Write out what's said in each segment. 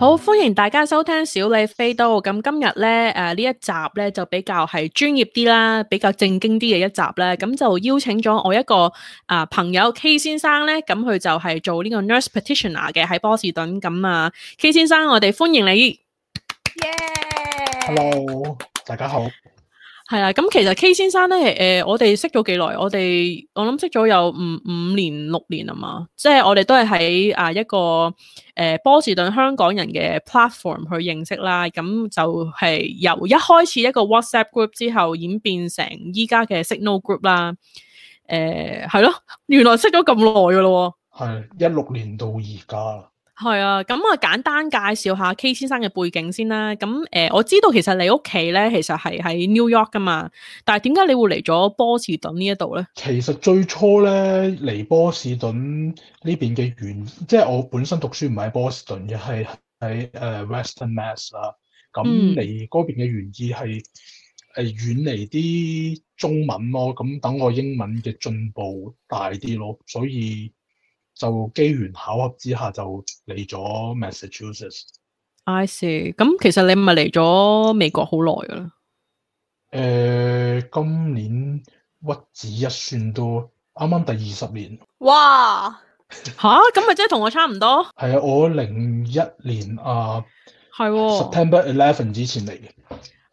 好，歡迎大家收聽小李飛刀。咁今日咧，誒、呃、呢一集咧就比較係專業啲啦，比較正經啲嘅一集咧。咁就邀請咗我一個啊、呃、朋友 K 先生咧，咁佢就係做呢個 nurse practitioner 嘅喺波士頓。咁啊，K 先生，我哋歡迎你。耶 Yeah.！Hello，大家好。係啦，咁其實 K 先生咧，誒、呃，我哋識咗幾耐？我哋我諗識咗有五五年六年啊嘛，即係我哋都係喺啊一個誒、呃、波士頓香港人嘅 platform 去認識啦，咁、嗯、就係、是、由一開始一個 WhatsApp group 之後演變成依家嘅 Signal group 啦，誒、呃，係咯，原來識咗咁耐㗎啦喎，係一六年到而家。係啊，咁啊簡單介紹下 K 先生嘅背景先啦。咁誒、呃，我知道其實你屋企咧，其實係喺 New York 噶嘛，但係點解你會嚟咗波士頓呢一度咧？其實最初咧嚟波士頓呢邊嘅原，即係我本身讀書唔喺波士頓嘅，係喺誒 Western Mass 啦、啊。咁嚟嗰邊嘅原意係係、嗯、遠離啲中文咯，咁等我英文嘅進步大啲咯，所以。就機緣巧合之下就嚟咗 Massachusetts。I see，咁其實你唔係嚟咗美國好耐㗎啦。誒、呃，今年屈指一算都啱啱第二十年。哇！吓？咁咪即係同我差唔多。係啊，我零一年啊、呃哦，September eleventh 之前嚟嘅。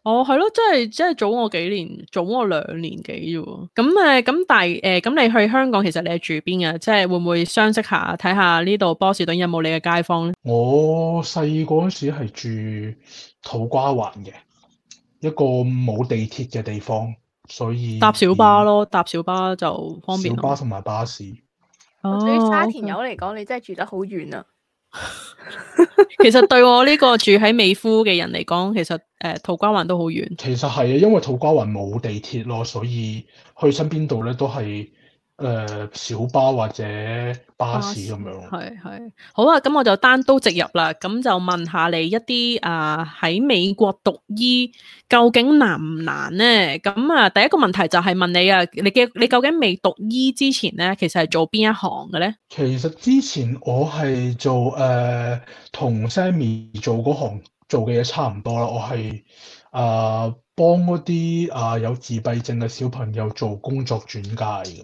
哦，係咯，即係即係早我幾年，早我兩年幾啫喎。咁誒，咁但係誒，咁、呃、你去香港其實你係住邊嘅？即係會唔會相識下睇下呢度波士頓有冇你嘅街坊咧？我細嗰陣時係住土瓜灣嘅，一個冇地鐵嘅地方，所以搭小巴咯，嗯、搭小巴就方便。小巴同埋巴士。哦，對於沙田友嚟講，okay. 你真係住得好遠啊！ 其實對我呢個住喺美孚嘅人嚟講，其實誒，土瓜灣都好遠。其實係啊，因為土瓜灣冇地鐵咯，所以去親邊度咧都係。誒、呃，小巴或者巴士咁士樣，係係好啊，咁我就單刀直入啦，咁就問下你一啲啊喺美國讀醫究竟難唔難咧？咁啊，第一個問題就係問你啊，你嘅你究竟未讀醫之前咧，其實係做邊一行嘅咧？其實之前我係做誒同 Sammy 做嗰行做嘅嘢差唔多啦，我係啊、呃、幫嗰啲啊有自閉症嘅小朋友做工作轉介嘅。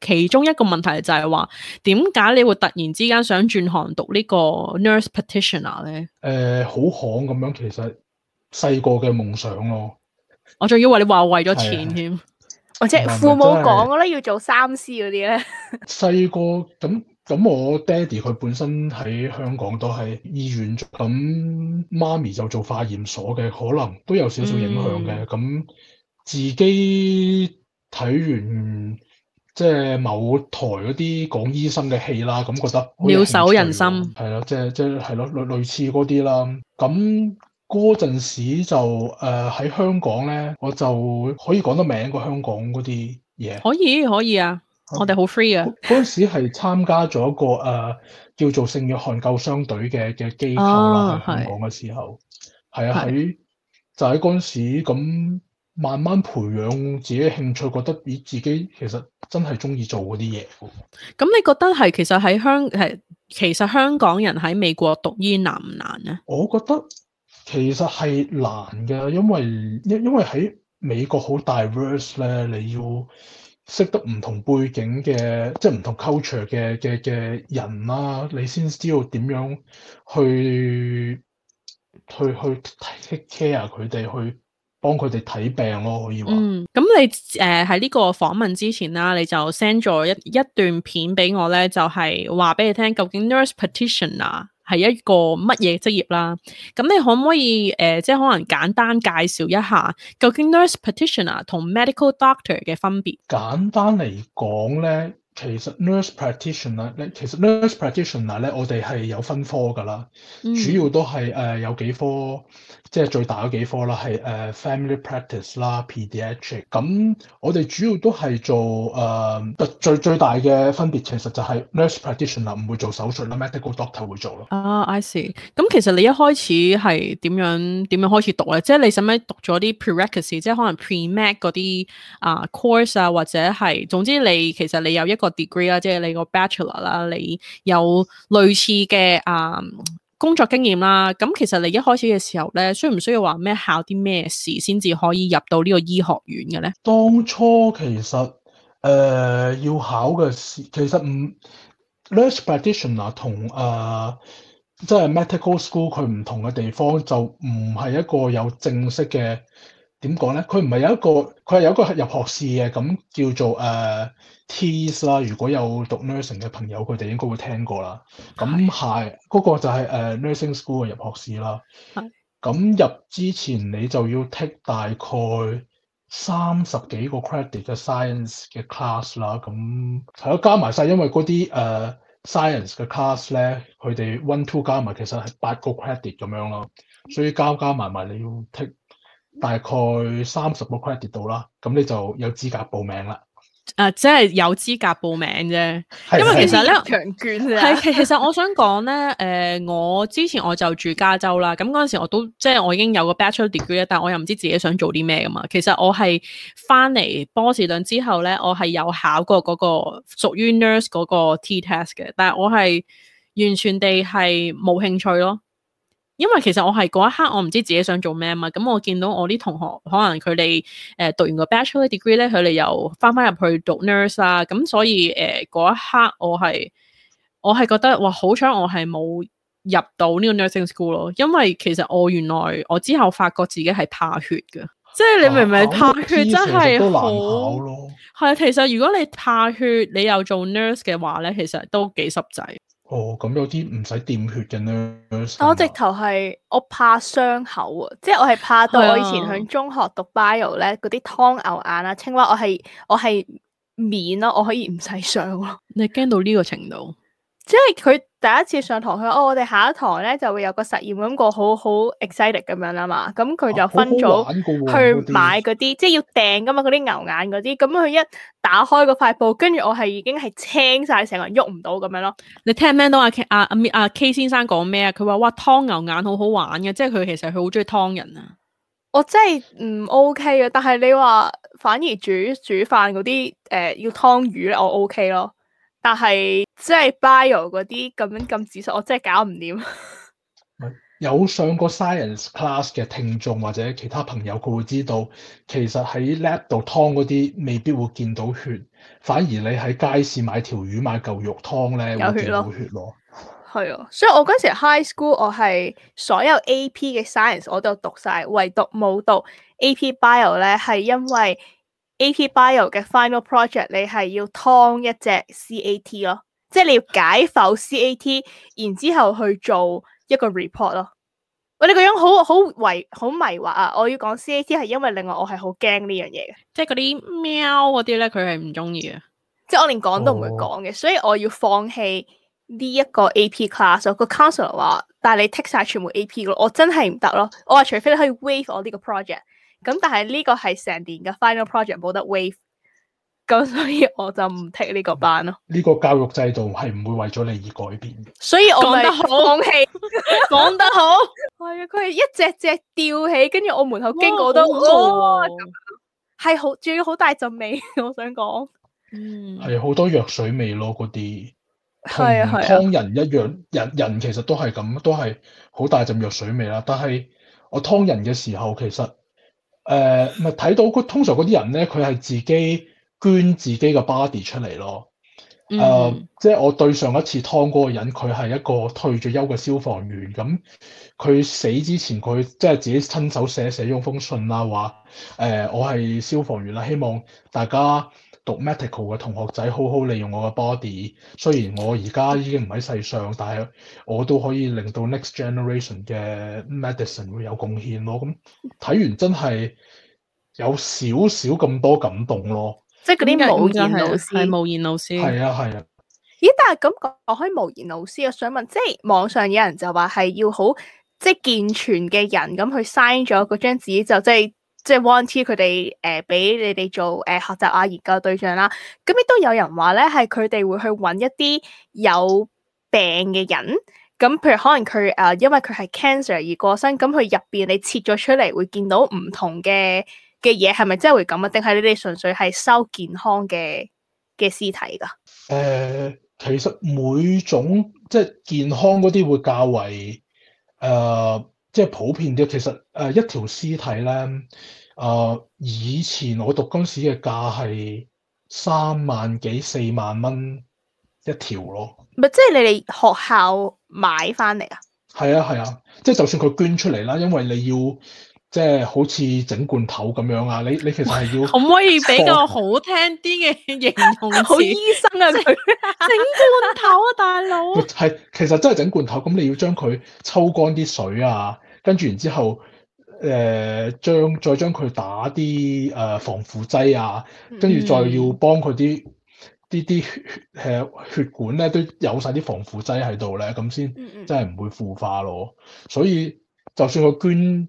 其中一個問題就係話，點解你會突然之間想轉行讀個、er、呢個 nurse practitioner 咧？誒、呃，好巷咁樣，其實細個嘅夢想咯。我仲以為你話為咗錢添，或者的、啊、父母講咧、就是、要做三 C 嗰啲咧。細個咁咁，我爹哋佢本身喺香港都係醫院咁，媽咪就做化驗所嘅，可能都有少少影響嘅。咁、嗯、自己睇完。即係某台嗰啲講醫生嘅戲啦，咁覺得妙手仁心係啊，即係即係係咯類類似嗰啲啦。咁嗰陣時就誒喺、呃、香港咧，我就可以講得名過香港嗰啲嘢。可以可以啊，的我哋好 free 啊。嗰陣時係參加咗一個誒、呃、叫做聖約翰救傷隊嘅嘅機構啦。啊、香港嘅時候係啊喺就喺嗰陣時咁。慢慢培養自己嘅興趣，覺得以自己其實真係中意做嗰啲嘢。咁你覺得係其實喺香係，其實香港人喺美國讀醫難唔難啊？我覺得其實係難嘅，因為因因為喺美國好 diverse 咧，你要識得唔同背景嘅，即係唔同 culture 嘅嘅嘅人啦，你先知道點樣去去去 take care 佢哋去。幫佢哋睇病咯，可以話。嗯，咁你誒喺呢個訪問之前啦，你就 send 咗一一段片俾我咧，就係話俾你聽，究竟 nurse practitioner 係一個乜嘢職業啦。咁你可唔可以誒、呃，即係可能簡單介紹一下究竟 nurse practitioner 同 medical doctor 嘅分別？簡單嚟講咧，其實 nurse practitioner 咧，其實 nurse practitioner 咧，我哋係有分科㗎啦，嗯、主要都係誒、呃、有幾科。即係最大嗰幾科啦，係誒 family practice 啦、pediatric。咁我哋主要都係做誒，不最最大嘅分別其實就係 nurse practitioner 啦，唔會做手術啦，medical doctor 會做咯。啊，I see。咁其實你一開始係點樣點樣開始讀咧？即係你使唔使讀咗啲 prerequisite？即係可能 pre-med 嗰啲啊 course 啊，或者係總之你其實你有一個 degree 啦，即係你個 bachelor 啦，你有類似嘅啊，工作經驗啦，咁其實你一開始嘅時候咧，需唔需要話咩考啲咩事先至可以入到呢個醫學院嘅咧？當初其實誒、呃、要考嘅試，其實唔 practitioner 同誒即係 medical school 佢唔同嘅地方就唔係一個有正式嘅。點講咧？佢唔係有一個，佢係有一個入學試嘅，咁叫做誒 tease 啦。Uh, 如果有讀 nursing 嘅朋友，佢哋應該會聽過啦。咁係嗰個就係、是、誒、uh, nursing school 嘅入學試啦。係。咁入之前你就要 take 大概三十幾個 credit 嘅 science 嘅 class 啦。咁係咯，加埋晒，因為嗰啲誒 science 嘅 class 咧，佢哋 one two 加埋其實係八個 credit 咁樣咯。Mm hmm. 所以加加埋埋你要 take。大概三十個 credit 到啦，咁你就有資格報名啦。誒、啊，即係有資格報名啫。因為其實強捲啊！係其實我想講咧，誒、呃，我之前我就住加州啦，咁嗰陣時我都即係我已經有個 bachelor degree 啦，但係我又唔知自己想做啲咩噶嘛。其實我係翻嚟波士頓之後咧，我係有考過嗰個屬於 nurse 嗰個 T test 嘅，但係我係完全地係冇興趣咯。因為其實我係嗰一刻我唔知自己想做咩啊嘛，咁我見到我啲同學可能佢哋誒讀完個 Bachelor Degree 咧，佢哋又返返入去讀 nurse 啊，咁所以誒嗰、呃、一刻我係我係覺得哇，嘩好彩我係冇入到呢個 nursing school 咯，因為其實我原來我之後發覺自己係怕血㗎，啊、即係你明唔明？啊、怕血真係好係，其實如果你怕血，你又做 nurse 嘅話咧，其實都幾濕滯。哦，咁有啲唔使掂血嘅，咧，我直頭係我怕傷口啊，即係我係怕到我以前響中學讀 bio 咧，嗰啲湯牛眼啊、青蛙我，我係我係免咯，我可以唔使上咯，你驚到呢個程度？即係佢。第一次上堂，佢話：哦，我哋下一堂咧就會有個實驗，感覺好好 excited 咁樣啦嘛。咁佢就分組去買嗰啲、啊啊，即係要訂噶嘛嗰啲牛眼嗰啲。咁佢一打開嗰塊布，跟住我係已經係青晒，成個人喐唔到咁樣咯。你聽唔聽到阿阿阿、啊啊啊、K 先生講咩啊？佢話：哇，劏牛眼好好玩嘅，即係佢其實佢好中意劏人啊。我真係唔 OK 啊！但係你話反而煮煮飯嗰啲誒要劏魚咧，我 OK 咯。但係即係 bio 嗰啲咁樣咁指數，我真係搞唔掂。有上過 science class 嘅聽眾或者其他朋友，佢會知道其實喺 lab 度湯嗰啲未必會見到血，反而你喺街市買條魚買嚿肉湯咧，會見到血咯。係啊，所以我嗰時 high school 我係所有 AP 嘅 science 我都讀晒，唯獨冇讀 AP bio 咧，係因為。A.P. bio 嘅 final project，你係要劏一隻 C.A.T. 咯，即係你要解剖 C.A.T.，然之後去做一個 report 咯。喂，你個樣好好迷好迷惑啊！我要講 C.A.T. 係因為另外我係好驚呢樣嘢嘅，即係嗰啲喵嗰啲咧，佢係唔中意嘅。即係我連講都唔會講嘅，哦、所以我要放棄呢一個 A.P. class 咯。個 counselor 話，但係你剔晒全，全部 A.P. 咯，我真係唔得咯。我話除非你可以 waive 我呢個 project。咁但係呢個係成年嘅 final project 冇得 wave，咁所以我就唔 take 呢個班咯。呢個教育制度係唔會為咗你而改變嘅。所以我講得好，講得好係啊，佢係一隻隻吊起，跟住我門口經過都係好，仲要好大陣味。我想講，係好多藥水味咯，嗰啲同湯人一樣，人人其實都係咁，都係好大陣藥水味啦。但係我湯人嘅時候，其實。誒咪睇到嗰通常嗰啲人咧，佢係自己捐自己個 body 出嚟咯。誒、呃，嗯、即係我對上一次湯哥嗰人，佢係一個退咗休嘅消防員。咁佢死之前，佢即係自己親手寫寫咗封信啦、啊，話誒、呃、我係消防員啦、啊，希望大家，讀 medical 嘅同學仔，好好利用我嘅 body。雖然我而家已經唔喺世上，但係我都可以令到 next generation 嘅 medicine 會有貢獻咯。咁睇完真係有少少咁多感動咯。即係嗰啲無言老師，無言老師係啊係啊。咦、啊？但係咁講開無言老師，我想問，即係網上有人就話係要好即係健全嘅人咁去 sign 咗嗰張紙，就即係。即係 want to 佢哋誒俾你哋做誒、呃、學習啊研究對象啦、啊，咁亦都有人話咧係佢哋會去揾一啲有病嘅人，咁譬如可能佢誒、呃、因為佢係 cancer 而過身，咁佢入邊你切咗出嚟會見到唔同嘅嘅嘢係咪真係會咁啊？定係你哋純粹係收健康嘅嘅屍體噶？誒、呃，其實每種即係健康嗰啲會較為誒。呃即係普遍啲，其實誒一條屍體咧，誒、呃、以前我讀嗰陣時嘅價係三萬幾四萬蚊一條咯。唔係，即係你哋學校買翻嚟啊？係啊，係啊，即係就算佢捐出嚟啦，因為你要即係好似整罐頭咁樣啊！你你其實係要可唔可以比較好聽啲嘅形容 好醫生啊 整，整罐頭啊，大佬啊！係，其實真係整罐頭，咁你要將佢抽乾啲水啊！跟住然之後，誒、呃、將再將佢打啲誒防腐劑啊，跟住再要幫佢啲啲啲血血管咧都有晒啲防腐劑喺度咧，咁先真係唔會腐化咯。所以就算佢捐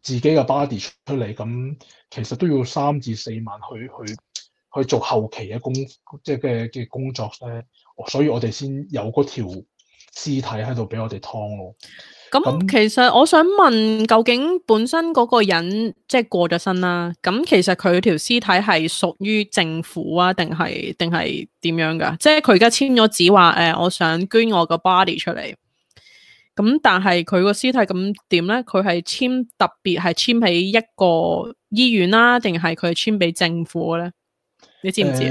自己嘅 body 出嚟，咁其實都要三至四萬去去去做後期嘅工，即係嘅嘅工作咧、就是。所以我哋先有嗰條屍體喺度俾我哋劏咯。咁、嗯、其實我想問，究竟本身嗰個人即係、就是、過咗身啦，咁其實佢條屍體係屬於政府啊，定係定係點樣噶？即係佢而家簽咗紙話，誒、呃，我想捐我個 body 出嚟。咁但係佢個屍體咁點咧？佢係簽特別係簽喺一個醫院啦、啊，定係佢係簽俾政府咧？你知唔知？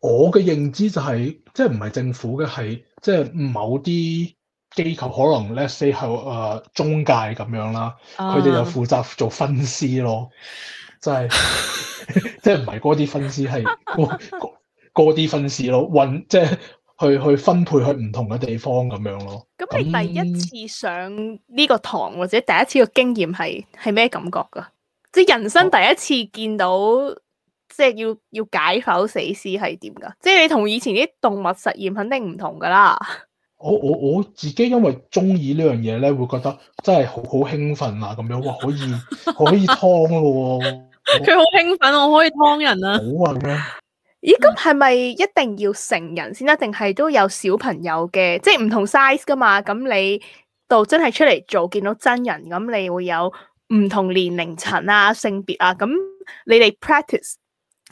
呃、我嘅認知就係、是，即係唔係政府嘅，係即係某啲。機構可能 let's say 係誒中介咁樣啦，佢哋就負責做分屍咯，即係即係唔係嗰啲分屍係嗰啲分屍咯，運即係去去分配去唔同嘅地方咁樣咯。咁你第一次上呢個堂或者第一次嘅經驗係係咩感覺噶？即係人生第一次見到、oh. 即係要要解剖死屍係點噶？即係你同以前啲動物實驗肯定唔同噶啦。我我我自己因為中意呢樣嘢咧，會覺得真係好好興奮啊！咁樣哇，可以可以劏咯喎！佢好 興奮，我可以劏人啊！好啊，咁咦？咁係咪一定要成人先得？定係都有小朋友嘅？即係唔同 size 噶嘛？咁你到真係出嚟做，見到真人咁，你會有唔同年齡層啊、性別啊，咁你哋 practice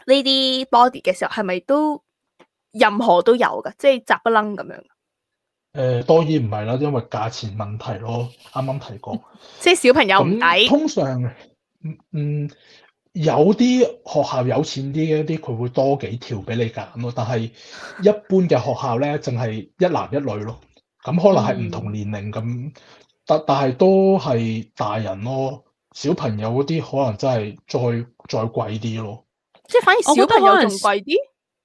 呢啲 body 嘅時候，係咪都任何都有噶？即係雜不楞咁樣？誒，當然唔係啦，因為價錢問題咯。啱啱提過，嗯、即係小朋友唔抵。通常，嗯，有啲學校有錢啲一啲，佢會多幾條俾你揀咯。但係一般嘅學校咧，淨係一男一女咯。咁可能係唔同年齡咁、嗯，但但係都係大人咯。小朋友嗰啲可能真係再再貴啲咯。即係反而小朋友仲貴啲。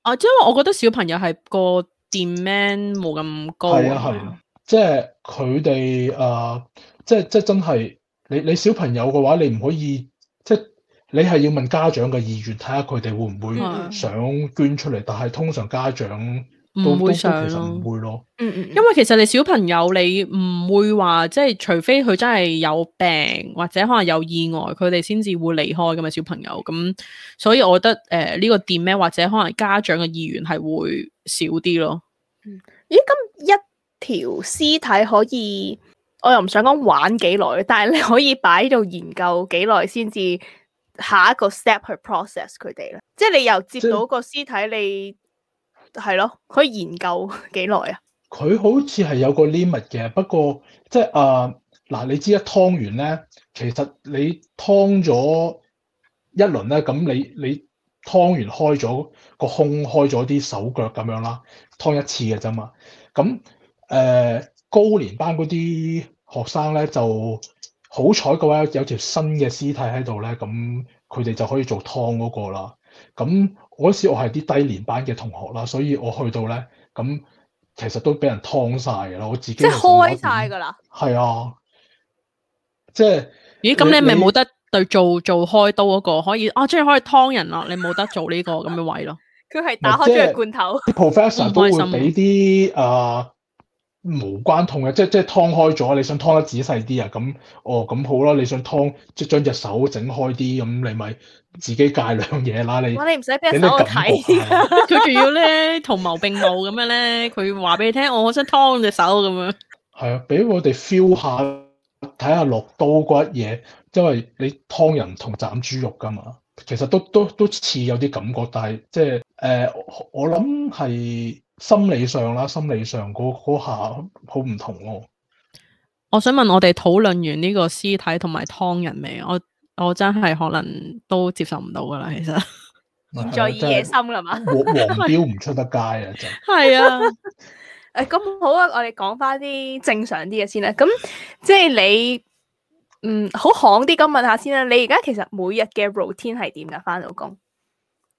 啊，即係我覺得小朋友係個。demand 冇咁高啊，係啊係啊，即係佢哋誒，即係即係真係，你你小朋友嘅話，你唔可以，即係你係要問家長嘅意願，睇下佢哋會唔會想捐出嚟，的但係通常家長。唔會上咯，會咯、嗯，嗯嗯，因為其實你小朋友你唔會話即係，除非佢真係有病或者可能有意外，佢哋先至會離開噶嘛。小朋友咁，所以我覺得誒呢、呃這個店咩，或者可能家長嘅意願係會少啲咯、嗯。咦？咁一條屍體可以，我又唔想講玩幾耐，但係你可以擺喺度研究幾耐先至下一個 step 去 process 佢哋咧？即係你由接到個屍體，即你。係咯，可以研究幾耐啊？佢好似係有個 limit 嘅，不過即係啊嗱，你知一湯完咧，其實你湯咗一輪咧，咁你你湯完開咗個胸，開咗啲手腳咁樣啦，湯一次嘅啫嘛。咁誒、呃，高年班嗰啲學生咧，就好彩嘅話有條新嘅屍體喺度咧，咁佢哋就可以做湯嗰個啦。咁嗰、嗯、時我係啲低年班嘅同學啦，所以我去到咧，咁、嗯、其實都俾人劏曬啦，我自己即係開晒噶啦，係啊，即係咦？咁、嗯、你咪冇得對做做開刀嗰、嗰個可以啊，即係可以劏人咯， 你冇得做呢個咁嘅位咯，佢係打開咗個罐頭，professor 都會俾啲啊。呃無關痛嘅，即係即係劏開咗，你想劏得仔細啲啊？咁哦，咁好啦，你想劏即係將隻手整開啲，咁你咪自己戒兩嘢啦。你，哇！你唔使俾手我睇，佢仲、啊、要咧同謀並冒咁樣咧。佢話俾你聽，我好想劏隻手咁樣。係啊，俾我哋 feel 下，睇下落刀骨嘢，因為你劏人同斬豬肉㗎嘛，其實都都都，都似有啲感覺，但係即係誒、呃，我諗係。心理上啦，心理上嗰下好唔同咯、啊。我想問我哋討論完呢個屍體同埋湯人未？我我真係可能都接受唔到噶啦，其實再 野心啦嘛。 黃黃唔出得街就 是啊，真係啊！誒，咁好啊，我哋講翻啲正常啲嘅先啦。咁即係你，嗯，好行啲咁問下先啦。你而家其實每日嘅 routine 係點噶？翻到工？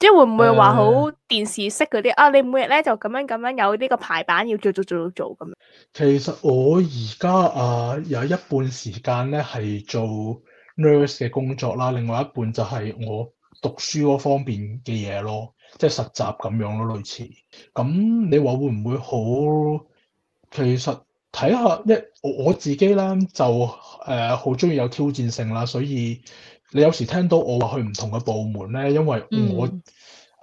即係會唔會話好電視式嗰啲，uh, 啊？你每日咧就咁樣咁樣有呢個排版，要做做做做咁。其實我而家啊有一半時間咧係做 nurse 嘅工作啦，另外一半就係我讀書嗰方面嘅嘢咯，即係實習咁樣咯，類似。咁你話會唔會好？其實睇下一我我自己咧就誒好中意有挑戰性啦，所以。你有時聽到我話去唔同嘅部門咧，因為我誒自、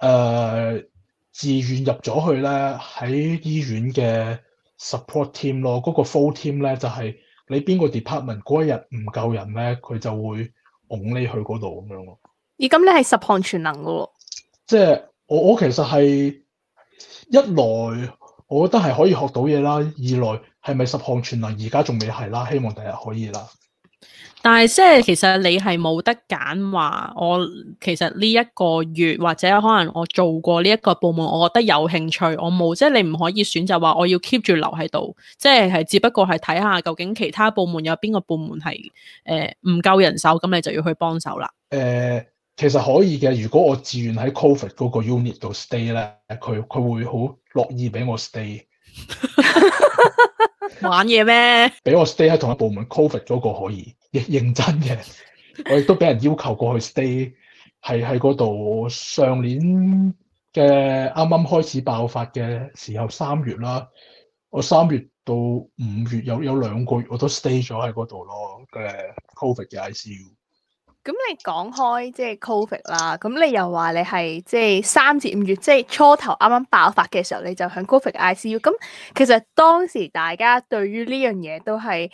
嗯呃、願入咗去咧，喺醫院嘅 support team 咯，嗰、那個 full team 咧就係、是、你邊個 department 嗰一日唔夠人咧，佢就會拱你去嗰度咁樣咯。而咁樣你咁你係十項全能嘅喎，即係我我其實係一來我覺得係可以學到嘢啦，二來係咪十項全能而家仲未係啦，希望第日可以啦。但係即係其實你係冇得揀，話我其實呢一個月或者可能我做過呢一個部門，我覺得有興趣，我冇即係你唔可以選擇話我要 keep 住留喺度，即係係只不過係睇下究竟其他部門有邊個部門係誒唔夠人手，咁你就要去幫手啦。誒，其實可以嘅。如果我自願喺 Covid 嗰個 unit 度 stay 咧，佢佢會好樂意俾我 stay。 玩嘢咩？俾我 stay 喺同一部門 Covid 嗰個可以。亦認真嘅，我亦都俾人要求過去 stay，係喺嗰度。上年嘅啱啱開始爆發嘅時候，三月啦，我三月到五月有有兩個月，我都 stay 咗喺嗰度咯。嘅、就是、Covid 嘅 ICU。咁你講開即係 Covid 啦，咁你又話你係即係三至五月，即、就、係、是、初頭啱啱爆發嘅時候，你就喺 Covid 嘅 ICU。咁其實當時大家對於呢樣嘢都係，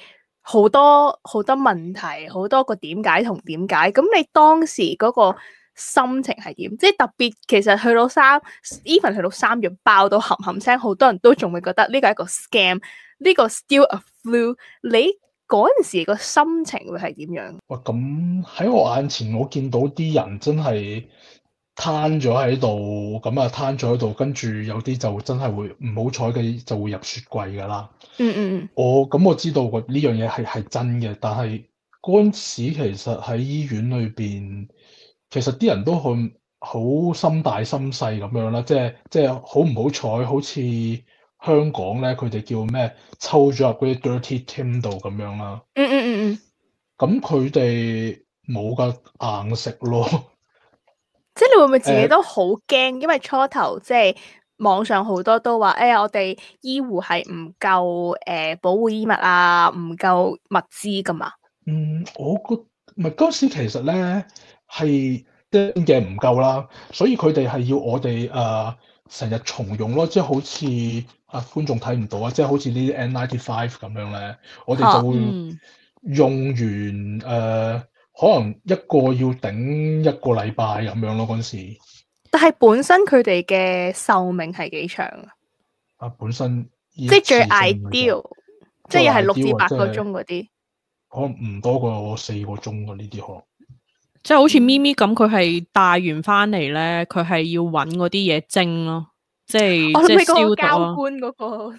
好多好多問題，好多個點解同點解，咁你當時嗰個心情係點？即係特別，其實去到三，even 去到三月爆到冚冚聲，好多人都仲會覺得呢個係一個 scam，呢個 still a flu。你嗰陣時個心情會係點樣？哇！咁喺我眼前，我見到啲人真係攤咗喺度，咁啊攤咗喺度，跟住有啲就真係會唔好彩嘅，就會入雪櫃噶啦。嗯嗯嗯，我咁我知道呢樣嘢係係真嘅，但係嗰陣時其實喺醫院裏邊，其實啲人都好好心大心細咁樣啦，即係即係好唔好彩，好似香港咧，佢哋叫咩抽咗入嗰啲 dirty team 度咁樣啦。嗯嗯嗯嗯，咁佢哋冇㗎硬食咯，即係你會唔會自己都好驚？因為初頭即係。網上好多都話：誒、哎，我哋醫護係唔夠，誒、呃，保護衣物啊，唔夠物資噶嘛？嗯，我覺得，咪嗰陣時其實咧係一啲嘢唔夠啦，所以佢哋係要我哋誒成日重用咯，即係好似啊觀眾睇唔到啊，即係好似呢啲 N95 咁樣咧，我哋就會用完誒，可能一個要頂一個禮拜咁樣咯，嗰陣時。但係本身佢哋嘅壽命係幾長啊？啊，本身即係最 ideal，即係又係六至八個鐘嗰啲，可能唔多過我四個鐘啊！呢啲可能即係好似咪咪咁，佢係帶完翻嚟咧，佢係要揾嗰啲嘢蒸咯，即係即係燒到官嗰個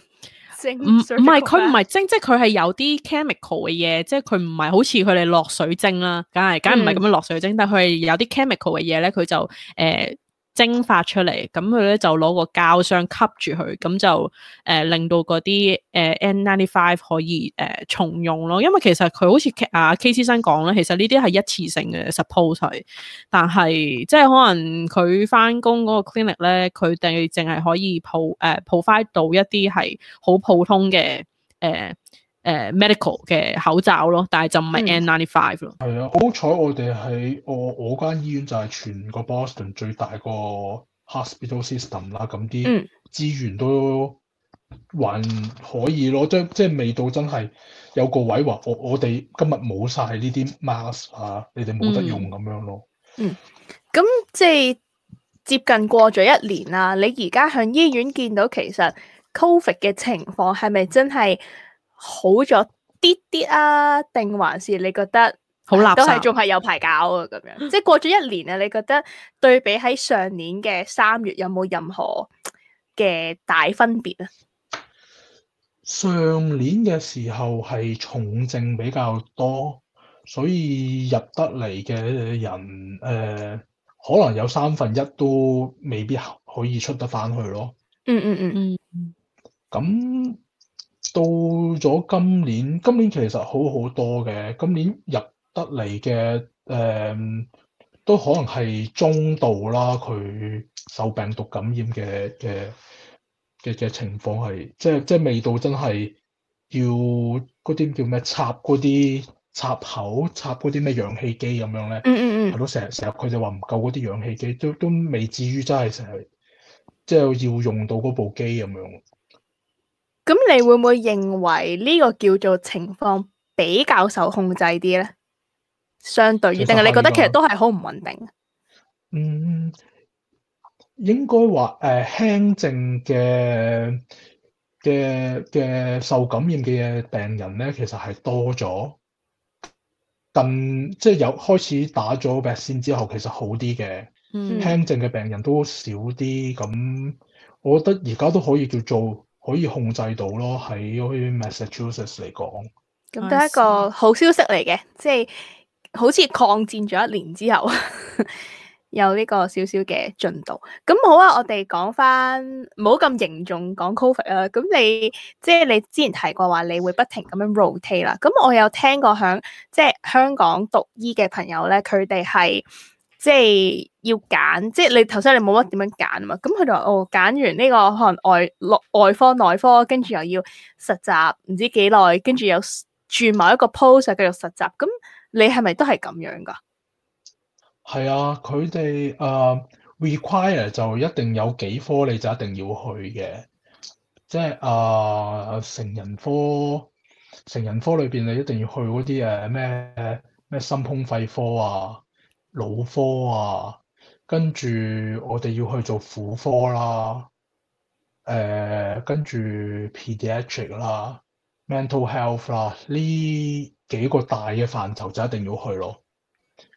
蒸唔，唔係佢唔係蒸，即係佢係有啲 chemical 嘅嘢、嗯，即係佢唔係好似佢哋落水蒸啦，梗係梗係唔係咁樣落水蒸，但係佢係有啲 chemical 嘅嘢咧，佢就誒。呃蒸發出嚟，咁佢咧就攞個膠箱吸住佢，咁就誒、呃、令到嗰啲誒 N95 可以誒、呃、重用咯。因為其實佢好似阿 K 先生講咧，其實呢啲係一次性嘅 suppose，但係即係可能佢翻工嗰個 clinic 咧，佢哋淨係可以 pro provide、呃、到一啲係好普通嘅誒。呃誒、uh, medical 嘅口罩咯，但係就唔係 N95 咯。係、嗯、啊，好彩我哋喺我我間醫院就係全個 Boston 最大個 hospital system 啦，咁啲資源都還可以咯，嗯、即即係未到真係有個位話我我哋今日冇晒呢啲 mask 啊，你哋冇得用咁樣咯。嗯，咁、嗯、即係接近過咗一年啦，你而家向醫院見到其實 COVID 嘅情況係咪真係？好咗啲啲啊？定還是你覺得好垃圾都係仲係有排搞啊？咁樣即係過咗一年啊？你覺得對比喺上年嘅三月有冇任何嘅大分別啊？上年嘅時候係重症比較多，所以入得嚟嘅人誒、呃，可能有三分一都未必可以出得翻去咯。嗯嗯嗯嗯，咁。到咗今年，今年其實好好多嘅。今年入得嚟嘅，誒、嗯，都可能係中度啦。佢受病毒感染嘅嘅嘅嘅情況係，即係即係未到真係要嗰啲叫咩插嗰啲插口插嗰啲咩氧氣機咁樣咧。嗯嗯嗯。都成日成日佢就話唔夠嗰啲氧氣機，都都未至於真係成日即係要用到嗰部機咁樣。咁你會唔會認為呢個叫做情況比較受控制啲咧？相對於，定係你覺得其實都係好唔穩定？嗯，應該話誒輕症嘅嘅嘅受感染嘅病人咧，其實係多咗，近即係、就是、有開始打咗白針之後，其實好啲嘅，嗯、輕症嘅病人都少啲。咁我覺得而家都可以叫做。可以控制到咯，喺 Massachusetts 嚟講，咁都係一個好消息嚟嘅，即係好似抗戰咗一年之後， 有呢個少少嘅進度。咁好啊，我哋講翻，唔好咁凝重講 Covid 啦。咁你即係你之前提過話，你會不停咁樣 rotate 啦。咁我有聽過響即係香港讀醫嘅朋友咧，佢哋係。即係要揀，即係你頭先你冇乜點樣揀嘛。咁佢就話哦，揀完呢個可能外外科、內科，跟住又要實習，唔知幾耐，跟住又轉某一個 post 繼續實習。咁你係咪都係咁樣噶？係啊，佢哋誒 require 就一定有幾科你就一定要去嘅，即係啊、uh, 成人科成人科裏邊你一定要去嗰啲誒咩咩心胸肺科啊。腦科啊，跟住我哋要去做婦科啦、啊，誒、呃、跟住 pediatric 啦、啊、mental health 啦、啊，呢幾個大嘅範疇就一定要去咯。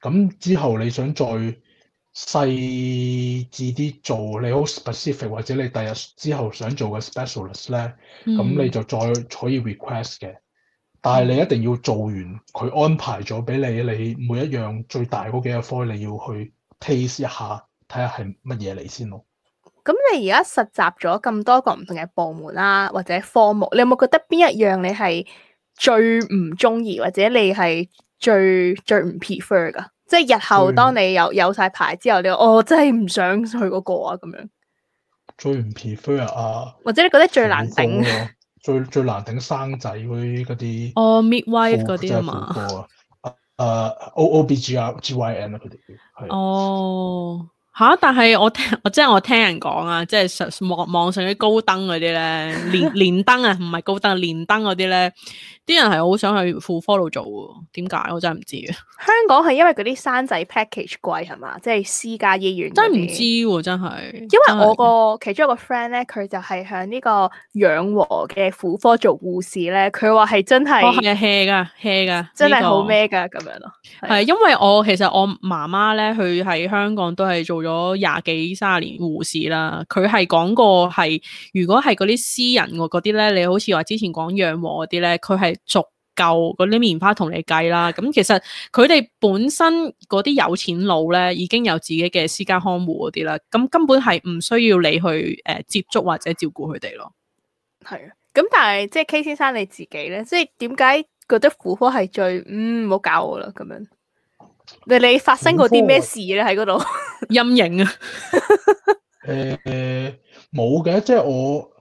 咁之後你想再細緻啲做，你好 specific 或者你第日之後想做嘅 specialist 咧，咁你就再可以 request 嘅。嗯但係你一定要做完佢安排咗俾你，你每一樣最大嗰幾個科你要去 taste 一下，睇下係乜嘢嚟先咯。咁你而家實習咗咁多個唔同嘅部門啦、啊，或者科目，你有冇覺得邊一樣你係最唔中意，或者你係最最唔 prefer 噶？即係日後當你有不有晒牌之後，你話哦，真係唔想去嗰個啊咁樣。最唔 prefer 啊？或者你覺得最難頂？最最難頂，生仔嗰啲啲哦，midwife 嗰啲啊嘛，啊啊，O O B G R G Y N 啊，佢哋係哦吓，但係我我即係我聽人講啊，即係上網網上啲高登嗰啲咧，連連登啊，唔係高登連登嗰啲咧。啲人係好想去婦科度做喎，點解我真係唔知嘅？香港係因為嗰啲生仔 package 貴係嘛？即係私家醫院嗰啲。真唔知喎，因為真係。因為我個其中一個 friend 咧，佢就係響呢個養和嘅婦科做護士咧，佢話係真係。真係 hea 㗎 hea 㗎，真係好咩㗎咁樣咯。係因為我其實我媽媽咧，佢喺香港都係做咗廿幾三十年護士啦。佢係講過係，如果係嗰啲私人嘅嗰啲咧，你好似話之前講養和嗰啲咧，佢係。足夠嗰啲棉花同你計啦，咁、嗯、其實佢哋本身嗰啲有錢佬咧，已經有自己嘅私家看護嗰啲啦，咁、嗯、根本係唔需要你去誒、呃、接觸或者照顧佢哋咯。係啊，咁但係即係 K 先生你自己咧，即係點解覺得婦科係最嗯好搞我啦咁樣？你你發生過啲咩事咧喺嗰度？陰影啊？誒冇嘅，即 係、啊 uh, 就是、我。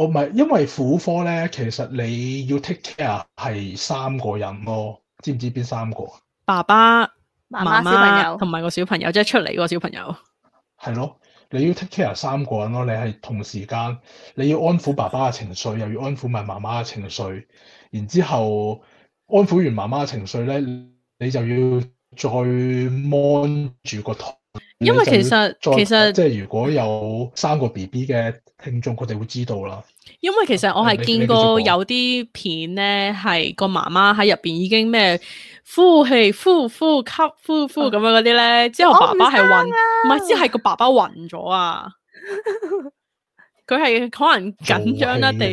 我唔係因為婦科咧，其實你要 take care 係三個人咯，知唔知邊三個？爸爸、媽媽、小朋友同埋個小朋友，即係出嚟個小朋友。係咯，你要 take care 三個人咯。你係同時間你要安撫爸爸嘅情緒，又要安撫埋媽媽嘅情緒。然之後安撫完媽媽嘅情緒咧，你就要再 mon 住個台。因為其實其實即係如果有三個 B B 嘅聽眾，佢哋會知道啦。因為其實我係見過有啲片咧，係個媽媽喺入邊已經咩呼氣呼呼吸呼呼咁樣嗰啲咧，之後爸爸係暈，唔係、啊，即係個爸爸暈咗啊！佢係 可能緊張啦，地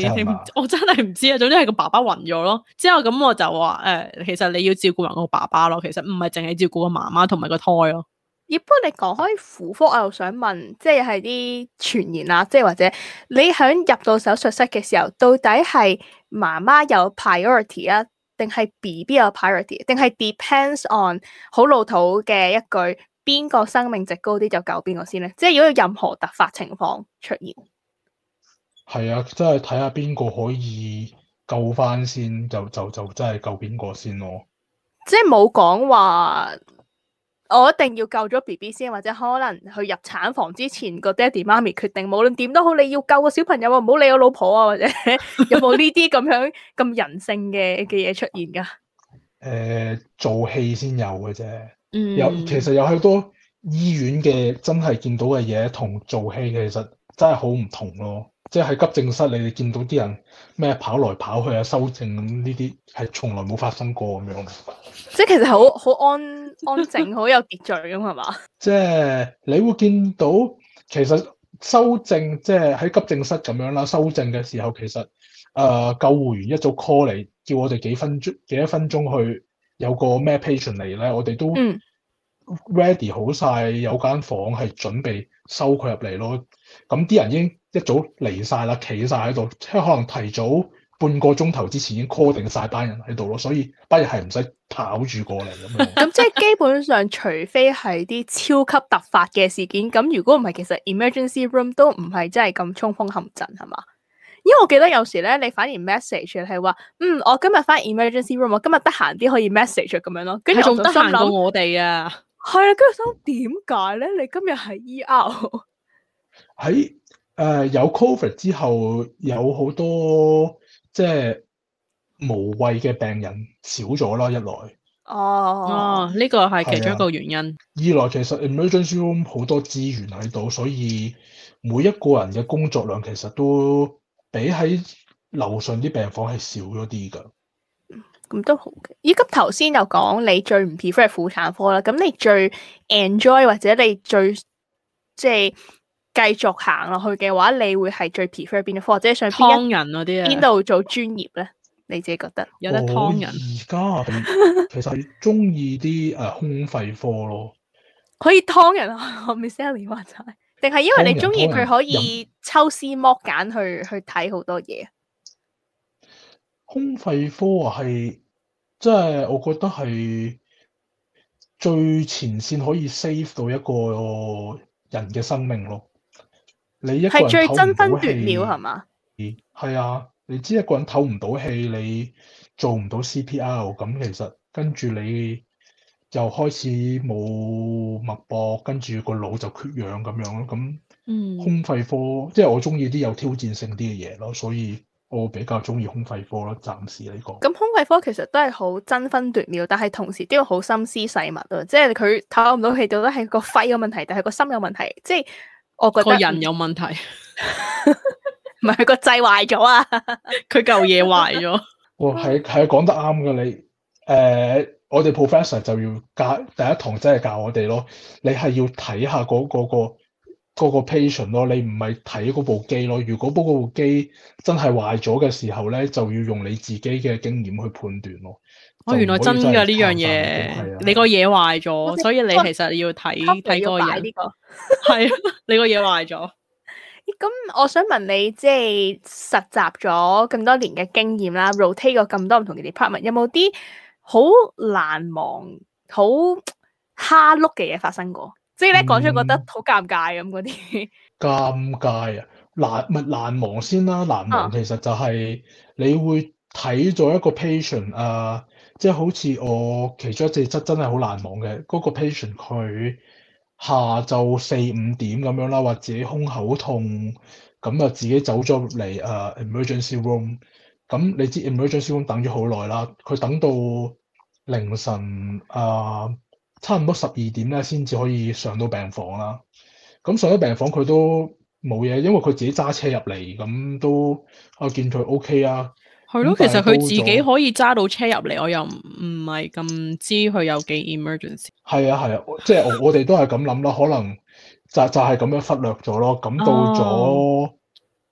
我真係唔知啊。總之係個爸爸暈咗咯。之後咁我就話誒、呃，其實你要照顧埋個爸爸咯。其實唔係淨係照顧個媽媽同埋個胎咯。一般你講開婦科、啊，我又想問，即係啲傳言啊，即係或者你響入到手術室嘅時候，到底係媽媽有 priority 啊，定係 B B 有 priority，定、啊、係 depends on 好老土嘅一句，邊個生命值高啲就救邊個先咧？即係如果有任何突發情況出現，係啊，即係睇下邊個可以救翻先，就就就真係救邊個先咯。即係冇講話。我一定要救咗 BB 先，或者可能去入產房之前個爹地媽咪決定，無論點都好，你要救個小朋友啊，唔好理我老婆啊，或者有冇呢啲咁樣咁 人性嘅嘅嘢出現噶？誒、呃，做戲先有嘅啫，又、嗯、其實有好多醫院嘅真係見到嘅嘢同做戲其實真係好唔同咯。即係喺急症室，你哋見到啲人咩跑來跑去啊、修正咁呢啲，係從來冇發生過咁樣。即係其實好好安安靜，好 有秩序噶嘛？即係你會見到，其實修正即係喺急症室咁樣啦。修正嘅時候，其實誒、呃、救護員一早 call 嚟，叫我哋幾，幾分鐘幾多分鐘去有個咩 patient 嚟咧，我哋都 ready 好晒，嗯、有間房係準備。收佢入嚟咯，咁啲人已經一早嚟晒啦，企晒喺度，即係可能提早半個鐘頭之前已經 call 定晒班人喺度咯，所以班人係唔使跑住過嚟咁樣。咁 即係基本上，除非係啲超級突發嘅事件，咁如果唔係，其實 emergency room 都唔係真係咁衝鋒陷陣，係嘛？因為我記得有時咧，你反而 message 係話，嗯，我今日翻 emergency room，我今日得閒啲可以 message 咁樣咯，跟住仲得閒過我哋啊。 係啊，跟住想點解咧？你今日喺 E.R. 喺誒、呃、有 COVID 之後，有好多即係無謂嘅病人少咗啦一來。哦哦，呢個係其中一個原因。啊、二來其實 emergency room 好多資源喺度，所以每一個人嘅工作量其實都比喺樓上啲病房係少咗啲㗎。咁都好嘅。咦，今頭先就講你最唔 prefer 婦產科啦，咁你最 enjoy 或者你最即係繼續行落去嘅話，你會係最 prefer 邊啲科或者想劏人嗰啲啊？邊度做專業咧？你自己覺得有得劏人而家其實中意啲誒胸肺科咯， 可以劏人啊，Miss Sally 話齋，定係因為你中意佢可以抽絲剝繭去去睇好多嘢。胸肺科啊，係即係，我覺得係最前線可以 save 到一個人嘅生命咯。你一係最爭分奪秒，係嘛？咦，係啊，你知一個人唞唔到氣，你做唔到 CPR，咁其實跟住你又開始冇脈搏，跟住個腦就缺氧咁樣咯。咁，嗯，胸肺科即係我中意啲有挑戰性啲嘅嘢咯，所以。我比較中意胸肺科啦，暫時嚟講。咁胸肺科其實都係好爭分奪秒，但係同時都要好心思細密啊，即係佢唞唔到氣，到底係個肺嘅問題，定係個心有問題，即係我覺得。個人有問題，唔係 個掣壞咗啊！佢舊嘢壞咗。哇、 哦，係係講得啱㗎你，誒、呃，我哋 professor 就要教第一堂真係教我哋咯，你係要睇下嗰、嗰個。嗰個個個 patient 咯，你唔係睇嗰部機咯。如果嗰部機真係壞咗嘅時候咧，就要用你自己嘅經驗去判斷咯。哦，原來真嘅呢樣嘢，的你，你個嘢壞咗，嗯、所以你其實要睇睇嗰個嘢呢、呢個。係 啊，你個嘢壞咗。咁 我想問你，即係實習咗咁多年嘅經驗啦，rotate 過咁多唔同嘅 department，有冇啲好難忘、好蝦碌嘅嘢發生過？即係咧，講出覺得好尷尬咁嗰啲。尷尬啊，難唔係難忘先啦。難忘其實就係你會睇咗一個 patient 誒、嗯啊，即係好似我其中一隻真真係好難忘嘅嗰、嗰個 patient，佢下晝四五點咁樣啦，或者胸口痛，咁又自己走咗嚟誒 emergency room。咁你知 emergency room 等咗好耐啦，佢等到凌晨誒。Uh, 差唔多十二點咧，先至可以上到病房啦。咁上咗病房佢都冇嘢，因為佢自己揸車入嚟，咁都我見佢 OK 啊。係咯、OK 啊，的其實佢自己可以揸到車入嚟，我又唔唔係咁知佢有幾 emergency。係啊係啊，即係、就是、我哋都係咁諗啦， 可能就就係咁樣忽略咗咯。咁到咗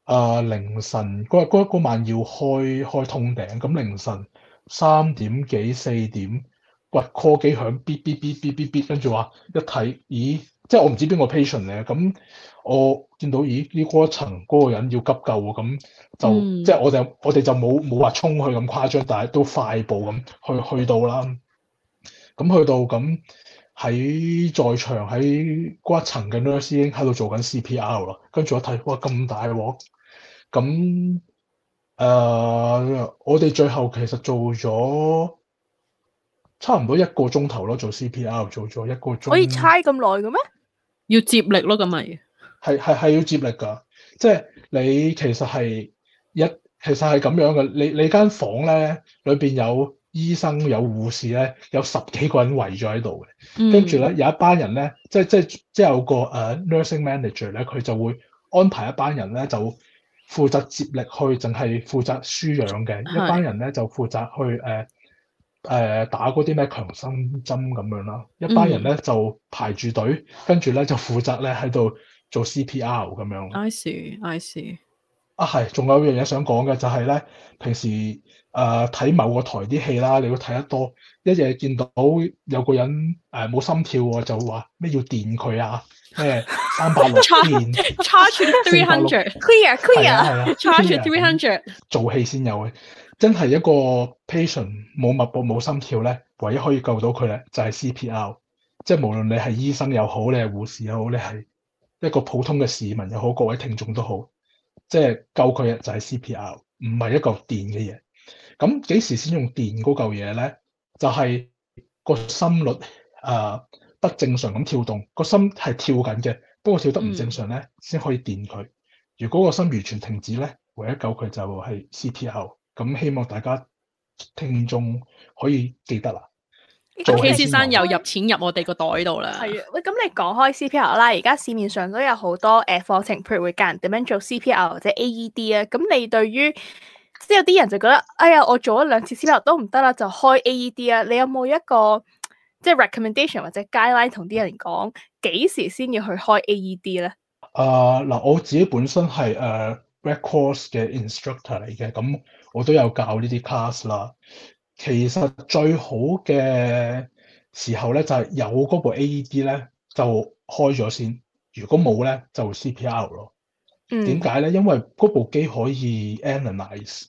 啊、oh. 呃、凌晨嗰晚要開開通頂，咁凌晨三點幾四點。喂，call 機響，bi bi bi 跟住話一睇，咦，即係我唔知邊個 patient 嚟，咁我見到咦呢嗰層嗰個人要急救喎，咁就、嗯、即係我，我就我哋就冇冇話衝去咁誇張，但係都快步咁去去到啦。咁去到咁喺在場喺嗰一層嘅 Nurse 已經喺度做緊 CPR 啦，跟住我睇，哇咁大鑊，咁誒、呃、我哋最後其實做咗。差唔多一個鐘頭咯，做 CPR 做咗一個鐘。可以猜咁耐嘅咩？要接力咯，咁咪？係係係要接力㗎，即係你其實係一其實係咁樣嘅。你你間房咧，裏邊有醫生有護士咧，有十幾個人圍咗喺度嘅。跟住咧，有一班人咧，即即即有個誒、uh, nursing manager 咧，佢就會安排一班人咧，就負責接力去，淨係負責輸氧嘅一班人咧，就負責去誒。Uh, 誒、呃、打嗰啲咩強心針咁樣啦，一班人咧就排住隊，跟住咧就負責咧喺度做 CPR 咁樣。I see, I see. 啊，係，仲有樣嘢想講嘅就係、是、咧，平時誒睇、呃、某個台啲戲啦，你會睇得多，一嘢見到有個人誒冇、呃、心跳喎，就話咩要電佢啊，咩三百六電 charge three hundred clear clear charge three hundred。做戲先有嘅。真係一個 patient 冇脈搏冇心跳咧，唯一可以救到佢咧就係 CPR。即係無論你係醫生又好，你係護士又好，你係一個普通嘅市民又好，各位聽眾都好，即係救佢嘅就係 CPR，唔係一個電嘅嘢。咁幾時先用電嗰嚿嘢咧？就係、是、個心率誒、啊、不正常咁跳動，個心係跳緊嘅，不過跳得唔正常咧，先可以電佢。如果個心完全停止咧，唯一救佢就係 CPR。咁希望大家聽眾可以記得啦。K 先生又入錢入我哋個袋度啦。係啊，喂，咁你講開 c p r 啦，而家市面上都有好多誒課程，譬如會教人點樣做 c p r 或者 AED 啊。咁你對於即係有啲人就覺得，哎呀，我做咗兩次 c p r 都唔得啦，就開 AED 啊。你有冇一個即係 recommendation 或者 guideline 同啲人講幾時先要去開 AED 咧？誒嗱、uh,，我自己本身係誒 r e c o r d s 嘅 instructor 嚟嘅，咁、uh,。嗯。我都有教呢啲 class 啦。其實最好嘅時候咧，就係、是、有嗰部 AED 咧，就開咗先。如果冇咧，就 CPR 咯。點解咧？因為嗰部機可以 analyse。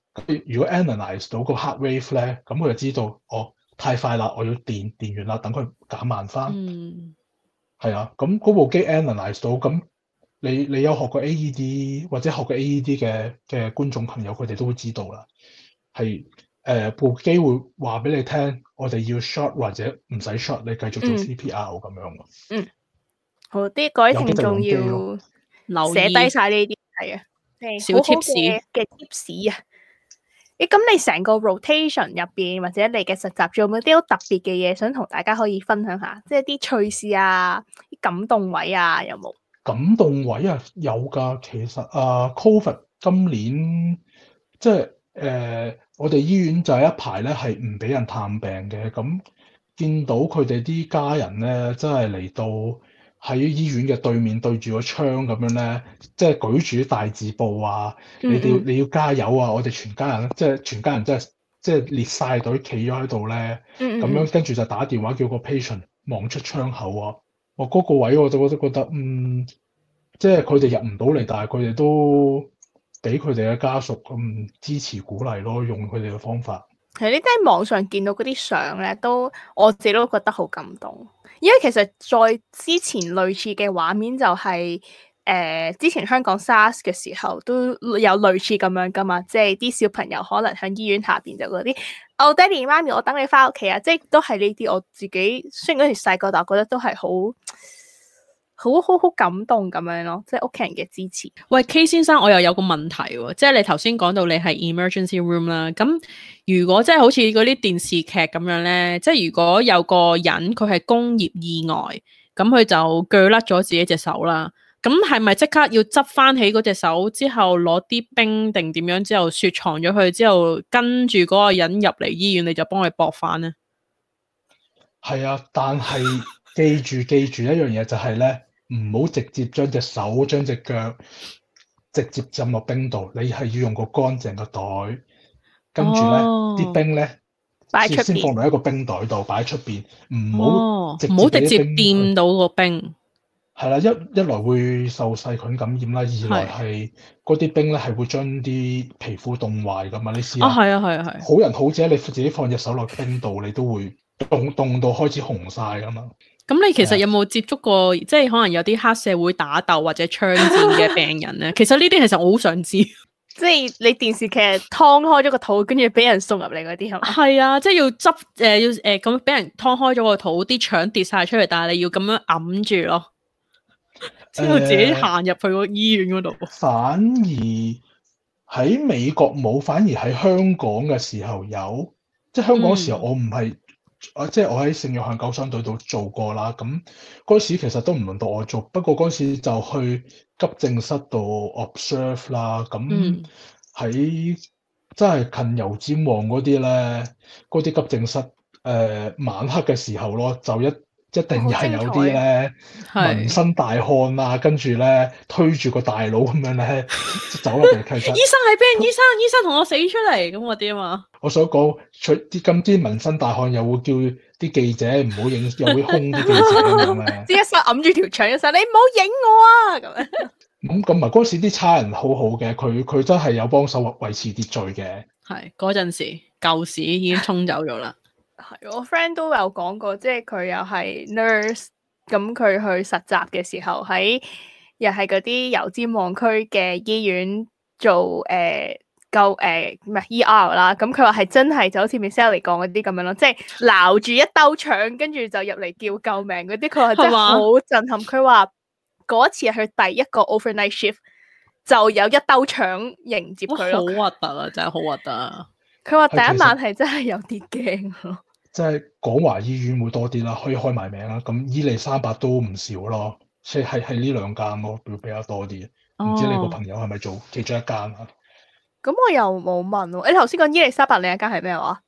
如果 analyse 到個 heart wave 咧，咁佢就知道哦，太快啦，我要電電完啦，等佢減慢翻。嗯。係啊，咁嗰部機 analyse 到咁。你你有學過 AED 或者學過 AED 嘅嘅觀眾朋友，佢哋都會知道啦。係誒部機會話俾你聽，我哋要 short 或者唔使 short，你繼續做 CPR 咁，嗯，樣嗯，好啲，改定仲要，要留低晒呢啲係啊，小貼士嘅貼士啊。誒，欸，咁你成個 rotation 入邊或者你嘅實習，仲有冇啲好特別嘅嘢想同大家可以分享下？即係啲趣事啊，啲感動位啊，有冇？感動位啊，有㗎。其實啊，Covid 今年即係誒、呃，我哋醫院就係一排咧，係唔俾人探病嘅。咁見到佢哋啲家人咧，真係嚟到喺醫院嘅對面對住個窗咁樣咧，即係舉住大字報啊！Mm hmm. 你哋你要加油啊！我哋全家人即係全家人真係即係列晒隊企咗喺度咧，咁、mm hmm. 樣跟住就打電話叫個 patient 望出窗口啊！我嗰個位我就我都覺得，嗯，即係佢哋入唔到嚟，但係佢哋都俾佢哋嘅家屬咁支持鼓勵咯，用佢哋嘅方法。係，你喺網上見到嗰啲相咧，都我自己都覺得好感動，因為其實在之前類似嘅畫面就係。誒、呃，之前香港 SARS 嘅時候都有類似咁樣噶嘛，即係啲小朋友可能喺醫院下邊就嗰啲，哦，爹哋媽咪，我等你翻屋企啊，即係都係呢啲。我自己雖然嗰陣細個，但我覺得都係好，好好好感動咁樣咯，即係屋企人嘅支持。喂，K 先生，我又有個問題，即係你頭先講到你係 emergency room 啦，咁如果即係好似嗰啲電視劇咁樣咧，即係如果有個人佢係工業意外，咁佢就鋸甩咗自己隻手啦。咁係咪即刻要執翻起嗰隻手，之後攞啲冰定點樣，之後雪藏咗佢，之後跟住嗰個人入嚟醫院，你就幫佢駁翻咧？係啊，但係記住記住一樣嘢就係、是、咧，唔好 直接將隻手將隻腳直接浸落冰度，你係要用個乾淨嘅袋，跟住咧啲冰咧先先放落一個冰袋度擺喺出邊，唔好唔好直接掂、哦、到個冰。係啦，一一來會受細菌感染啦，二來係嗰啲冰咧係會將啲皮膚凍壞噶嘛。你試啊，係啊係啊係。好人好者，你自己放隻手落冰度，你都會凍凍到開始紅晒噶嘛。咁你其實有冇接觸過，即係可能有啲黑社會打鬥或者槍戰嘅病人咧？其實呢啲其實我好想知，即係你電視劇劏開咗個肚，跟住俾人送入嚟嗰啲係嘛？係啊，即係要執誒要誒咁俾人劏開咗個肚，啲腸跌晒出嚟，但係你要咁樣揞住咯。知道自己行入去個醫院嗰度、呃。反而喺美國冇，反而喺香港嘅時候有。即、就、係、是、香港嘅時候我，我唔係，啊，即、就、係、是、我喺聖約翰救傷隊度做過啦。咁嗰時其實都唔輪到我做，不過嗰時就去急症室度 observe 啦。咁喺、嗯、真係近油尖旺嗰啲咧，嗰啲急症室誒、呃、晚黑嘅時候咯，就一。一定係有啲咧，紋身大漢啦、啊，跟住咧推住個大佬咁樣咧走落嚟。其 醫生係邊？醫生，醫生同我死出嚟咁嗰啲啊嘛！我想講除啲今朝紋身大漢又會叫啲記者唔好影，又 會空啲記者咁樣。啲阿叔揞住條長嘅時候，你唔好影我啊！咁咁唔係嗰陣時啲差人好好嘅，佢佢真係有幫手維持秩序嘅。係嗰陣時舊屎已經沖走咗啦。 係，我 friend 都有講過，即係佢又係 nurse，咁佢去實習嘅時候，喺又係嗰啲油尖旺區嘅醫院做誒、欸、救誒唔係 E.R. 啦，咁佢話係真係就好似 Michelle 嚟講嗰啲咁樣咯，即係撈住一兜腸，跟住就入嚟叫救命嗰啲，佢話真係好震撼。佢話嗰次去第一個 overnight shift，就有一兜腸迎接佢。好核突啊，真係好核突啊。佢話 第一晚係真係有啲驚 即係廣華醫院會多啲啦，可以開埋名啦。咁伊利沙伯都唔少咯，所以係係呢兩間咯，會比較多啲。唔、哦、知你個朋友係咪做其中一間啊？咁、哦嗯、我又冇問喎。你頭先講伊利沙伯另一間係咩話？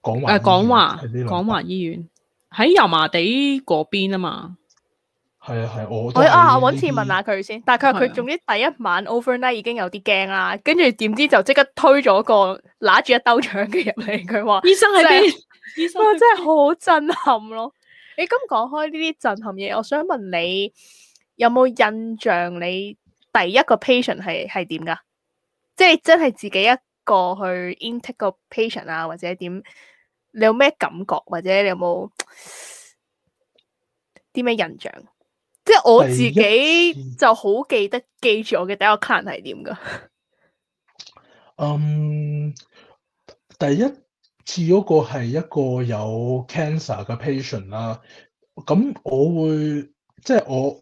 廣華誒，廣華，廣華醫院喺、呃、油麻地嗰邊啊嘛。係啊係，我我啊，搵次問下佢先。但係佢話佢總之第一晚的 overnight 已經有啲驚啦，跟住點知就即刻推咗個揦住一兜腸嘅入嚟。佢話醫生喺邊？是醫生、啊、真係好震撼咯。你咁講開呢啲震撼嘢，我想問你有冇印象？你第一個 patient 係係點噶？即係真係自己一個去 intake 個 patient 啊，或者點？你有咩感覺？或者你有冇啲咩印象？即係我自己就好記得記住我嘅第一個 case 係點噶？嗯，um, 第一次嗰個係一個有 cancer 嘅 patient 啦、啊。咁我會即係、就是、我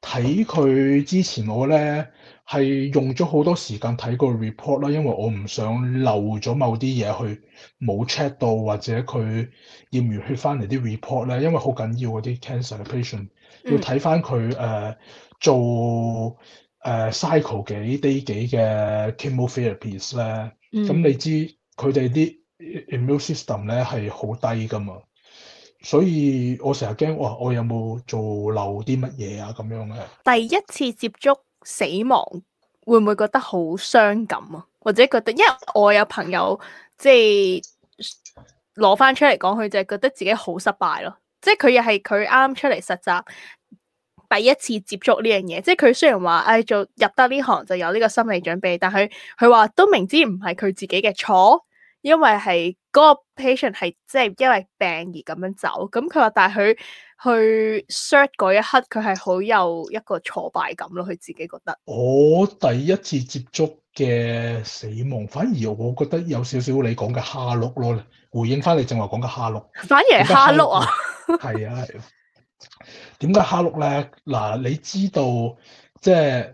睇佢之前我呢，我咧係用咗好多時間睇個 report 啦、啊，因為我唔想漏咗某啲嘢去冇 check 到，或者佢驗完血翻嚟啲 report 咧、啊，因為好緊要嗰、啊、啲 cancer 嘅 patient。要睇翻佢誒做誒 cycle 幾 d a 嘅 chemotherapy i 咧，咁、呃嗯、你知佢哋啲 immune system 咧係好低噶嘛，所以我成日驚哇，我有冇做漏啲乜嘢啊咁樣咧。第一次接觸死亡，會唔會覺得好傷感啊？或者覺得，因為我有朋友即係攞翻出嚟講，佢就係覺得自己好失敗咯。即係佢又係佢啱出嚟實習，第一次接觸呢樣嘢，即係佢雖然話誒、哎、做入得呢行就有呢個心理準備，但係佢話都明知唔係佢自己嘅錯，因為係嗰個 patient 係即係因為病而咁樣走。咁佢話，但係佢去 shoot 嗰一刻，佢係好有一個挫敗感咯。佢自己覺得我第一次接觸嘅死亡，反而我覺得有少少你講嘅蝦碌咯。回應翻你正話講嘅蝦碌，反而係蝦碌啊！係啊，點解蝦碌咧？嗱、啊，你知道即係誒，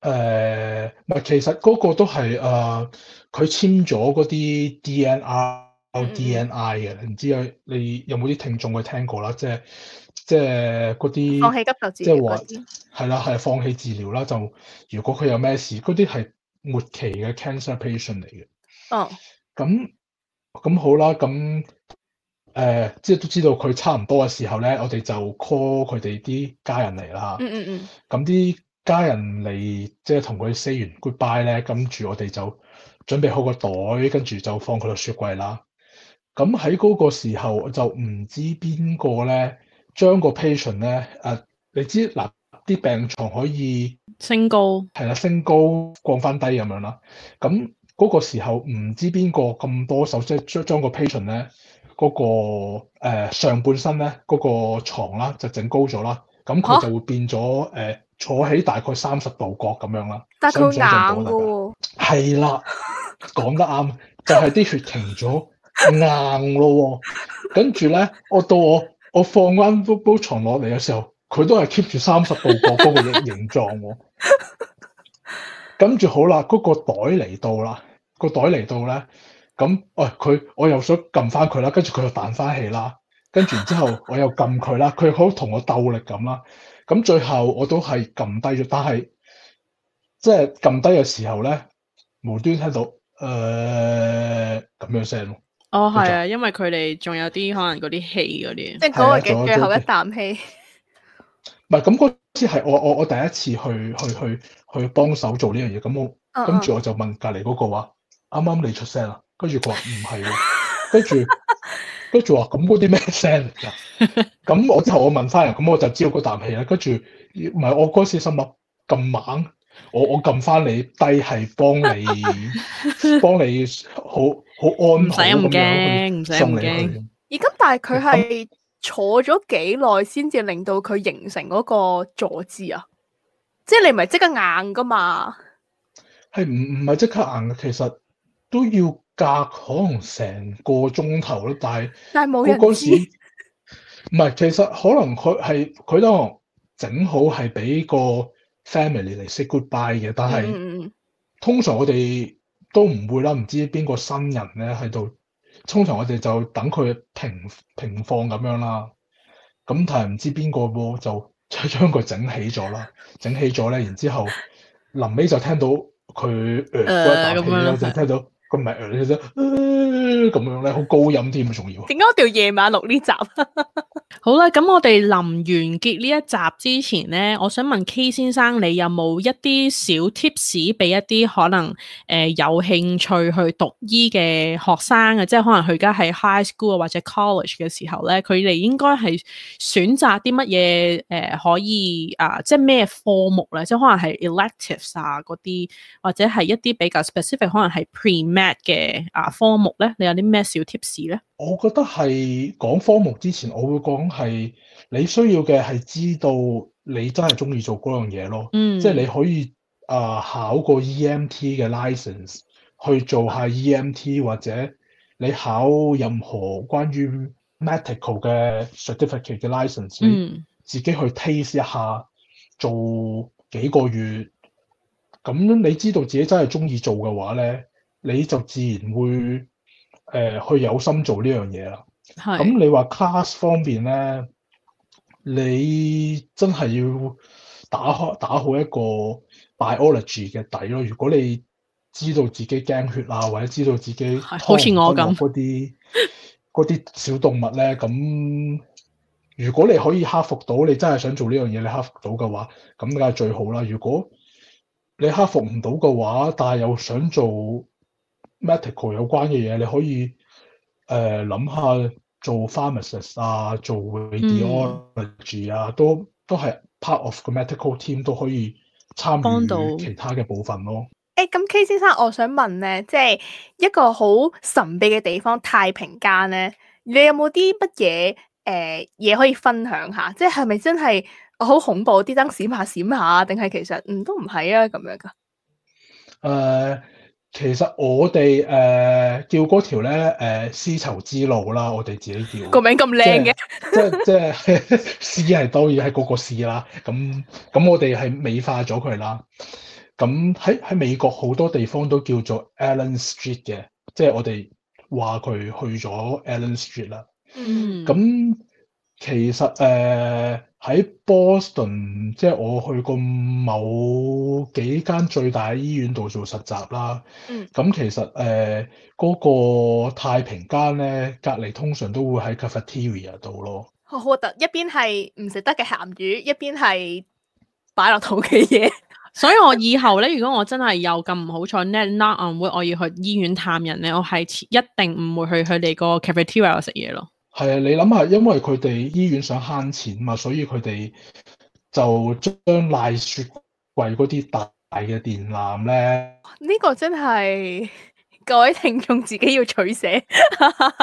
係、呃，其實嗰個都係誒，佢簽咗嗰啲 DNR、DNI 嘅，唔知啊，R，嗯、知你有冇啲聽眾去聽過啦？即係即係嗰啲放棄急救即係話係啦，係先、啊啊、放棄治療啦。就如果佢有咩事，嗰啲係末期嘅 cancer patient 嚟嘅。哦，咁。咁好啦，咁誒、呃，即係都知道佢差唔多嘅時候咧，我哋就 call 佢哋啲家人嚟啦。嗯嗯嗯。咁啲家人嚟，即係同佢 say 完 goodbye 咧，跟住我哋就準備好個袋，跟住就放佢落雪櫃啦。咁喺嗰個時候，我就唔知邊個咧將個 patient 咧誒、呃，你知嗱啲病床可以升高，係啦，升高降翻低咁樣啦。咁嗰個時候唔知邊個咁多手，即係將將個 patient 咧嗰個、呃、上半身咧嗰、嗰個牀啦，就整高咗啦。咁佢就會變咗誒、啊呃、坐起大概三十度角咁樣啦。但係佢假啦，講得啱，就係、是、啲血停咗硬咯、喔。跟住咧，我到我我放翻鋪鋪牀落嚟嘅時候，佢都係 keep 住三十度角嗰個形狀喎。 跟住好啦，嗰、嗰個袋嚟到啦，嗰個袋嚟到咧，咁喂佢，我又想撳翻佢啦，跟住佢又彈翻氣啦，跟住之後我又撳佢啦，佢好同我鬥力咁啦，咁最後我都係撳低咗，但係即係撳低嘅時候咧，無端聽到誒咁、呃、樣聲咯。哦，係啊，錯因為佢哋仲有啲可能嗰啲氣嗰啲，即係嗰個嘅最後一啖氣。唔係咁.即係我我我第一次去去去去幫手做呢樣嘢，咁我跟住我就問隔籬嗰個話，啱啱、uh uh. 你出聲啦，跟住佢話唔係，跟住跟住話咁嗰啲咩聲？咁 我之後我問翻人，咁我就知道嗰啖氣啦。跟住唔係我嗰時心物咁猛，我我撳翻你低係幫你，幫 你好好安好咁樣送你去，唔驚唔驚。而家但係佢係。 坐咗幾耐先至令到佢形成嗰個坐姿啊？即係你唔係即刻硬噶嘛？係唔唔係即刻硬？其實都要隔可能成個鐘頭咯。但係但係冇人知。唔係，其實可能佢係佢當整好係俾個 family 嚟 say goodbye 嘅。但係通常我哋都唔會啦。唔知邊個新人咧喺度。通常我哋就等佢平平放咁樣啦，咁但係唔知邊個喎就即將佢整起咗啦，整起咗咧，然之後臨尾就聽到佢誒嗰一啖氣、呃、就聽到佢唔係誒，其實咁樣咧好高音添，咁重要。點解我哋夜晚錄呢集？ 好啦，咁我哋臨完結呢一集之前咧，我想問 K 先生，你有冇一啲小 tips 俾一啲可能誒、呃、有興趣去讀醫嘅學生啊？即係可能佢而家係 high school 啊或者 college 嘅時候咧，佢哋應該係選擇啲乜嘢誒可以啊？即係咩科目咧？即係可能係 electives 啊嗰啲，或者係一啲比較 specific 可能係 pre-med 嘅啊科目咧？你有啲咩小 tips 咧？我覺得係講科目之前，我會講係你需要嘅係知道你真係中意做嗰樣嘢咯。嗯、即係你可以啊、呃、考個 EMT 嘅 license 去做下 EMT，或者你考任何關於 medical 嘅 certificate 嘅 license、嗯、你自己去 taste 一下做幾個月，咁你知道自己真係中意做嘅話咧，你就自然會。誒、呃，去有心做呢樣嘢啦。係是。咁你話 class 方面咧，你真係要打開打好一個 biology 嘅底咯。如果你知道自己驚血啊，或者知道自己好似我咁嗰啲啲小動物咧，咁如果你可以克服到，你真係想做呢樣嘢，你克服到嘅話，咁梗係最好啦。如果你克服唔到嘅話，但係又想做。medical 有關嘅嘢，你可以誒諗、呃、下做 pharmacist 啊，做 radiology 啊，嗯、都都係 part of 個 medical team 都可以參與其他嘅部分咯。誒到，咁、欸、K 先生，我想問咧，即、就、係、是、一個好神秘嘅地方太平間咧，你有冇啲乜嘢誒嘢可以分享下？即係係咪真係好恐怖？啲燈閃下閃下，定係其實嗯都唔係啊咁樣噶？誒、呃。其實我哋誒、呃、叫嗰條咧誒、呃、絲綢之路啦，我哋自己叫個名咁靚嘅，即 即、即係即係、 絲係當然係個個絲啦。咁咁我哋係美化咗佢啦。咁喺喺美國好多地方都叫做 Allen Street 嘅，即、就、係、係、我哋話佢去咗 Allen Street 啦。咁。嗯其實誒喺 Boston 即係我去過某幾間最大嘅醫院度做實習啦。咁、嗯嗯、其實誒嗰、呃那個太平間咧，隔離通常都會喺 cafeteria 度咯。好核突！一邊係唔食得嘅鹹魚，一邊係擺落肚嘅嘢。 所以我以後咧，如果我真係有咁唔好彩咧，not o u l 我要去醫院探人咧，我係一定唔會去佢哋個 cafeteria 度食嘢咯。係啊，你諗下，因為佢哋醫院想慳錢嘛，所以佢哋就將賴雪櫃嗰啲大嘅電纜咧。呢、哦這個真係各位聽眾自己要取捨。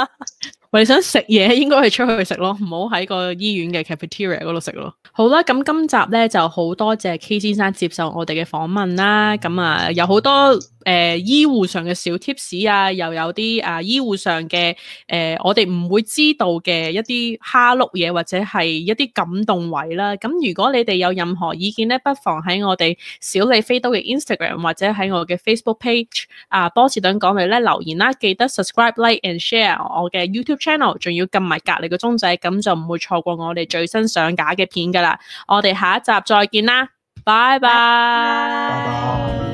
我哋想食嘢，應該係出去去食咯，唔好喺個醫院嘅 cafeteria 嗰度食咯。好啦，咁今集咧就好多謝 K 先生接受我哋嘅訪問啦。咁啊、嗯，有好多。誒、呃、醫護上嘅小 tips 啊，又有啲啊醫護上嘅誒、呃，我哋唔會知道嘅一啲蝦碌嘢，或者係一啲感動位啦。咁如果你哋有任何意見咧，不妨喺我哋小李飛刀嘅 Instagram 或者喺我嘅 Facebook page 啊，多次等講嚟咧留言啦。記得 subscribe、like and share 我嘅 YouTube channel，仲要撳埋隔離個鐘仔，咁就唔會錯過我哋最新上架嘅片㗎喇。我哋下一集再見啦，拜拜。Bye bye. Bye bye.